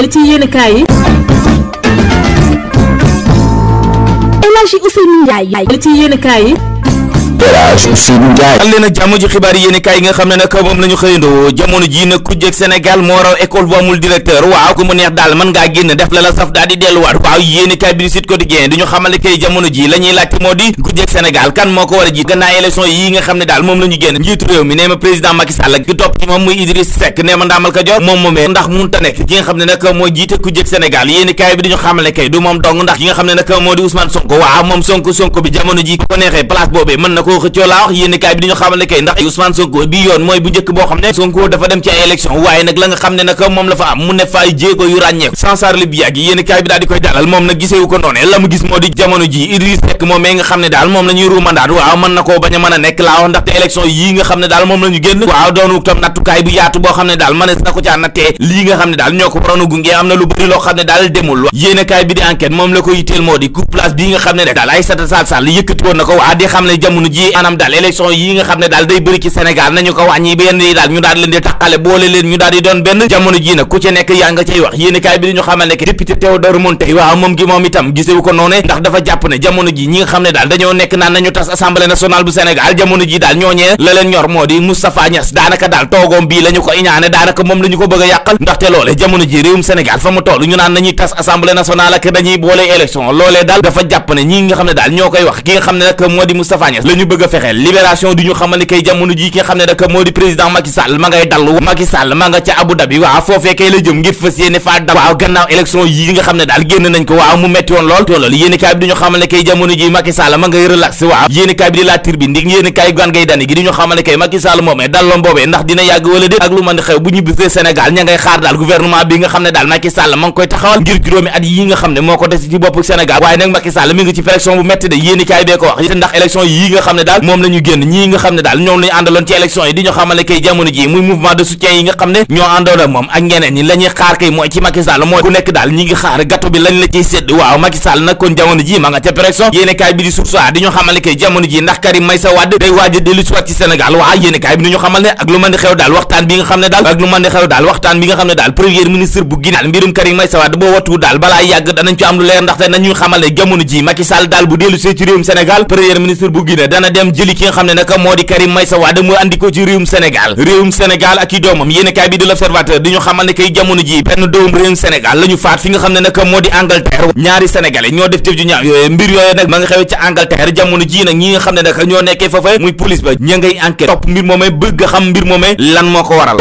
li ci yenn kaay yi. El Hadji Ousseynou Ndiaye. li ci yenn kaay yi. Elhadji Ousseynou Ndiaye laajte moo di ku jëkk Sénégal kan moo ko war a jiit gannaaw élection yi nga xam ne daal moom la génn njiitu réew mi nee ma président Macky Sall ki topp moom muy Idriss Seck nee ma ndaamal ka jor moom moomee ndax mun nekk ki nga xam ne nag moo jiite ku jëkk Sénégal yéen bi duñu xamal ne kay du moom dong ndax ki nga xam ne nag moo di Ousmane Sonko waaw moom Sonko Sonko bi jamono ji ko neexee place boobee mën na ko xëccoo ne la mu ne faay jéego yu ràññeeku Sansar li moom la mu gis moo di jamono ji Idriss a a nekk moom la ko yitteel moo di coup place bi nga xam ne daal Aïssata Sall Sall yëkkati na ko waa di xam ne jamono ji yi anam daal élection yi nga xam ne daal day bëri ci Sénégal nañu ko wàññi benn yi daal ñu daal leen di taqale boole leen ñi nga xam ne daal a ñoo koy wax ki nga xam ne nag moo di Moustapha Niass la bëgg bëgg a xamal ni kay jamono ji yi nga xam ne daal génn ma nga koy taxawal ngir juróomi at yi nga xam ne moo ko des ci bopp Sénégal waaye nag Macky mi ngi ci pression bu metti de yéen bee ko wax ndax élection yi nga xam ne daal moom la génn ñii nga xam ne daal ñoom àndaloon ci élection yi di ñu xamal ne kay jamono ji muy daal bu Guinée daal réewum Sénégal premier ministre bu Guinée na dem jëli ki nga xam ne naka moo di Karim Meïssa Wade mu andi ko ci réewum Sénégal réewum Sénégal ak i doomam yéen kaay bi di l'Observateur di ñu xamal ne kay jamono ji benn doomu réewum Sénégal la faat fi nga xam ne naka moo di Angleterre ñaari sénégalais ñoo def jëf ju ñaaw yooyu mbir yooyu nag ma nga xewee ca Angleterre jamono ji nag ñi nga xam ne naka ñoo nekkee foofa muy police ba ña ngay enquête topp mbir moomee bëgg xam mbir moomee lan moo ko waral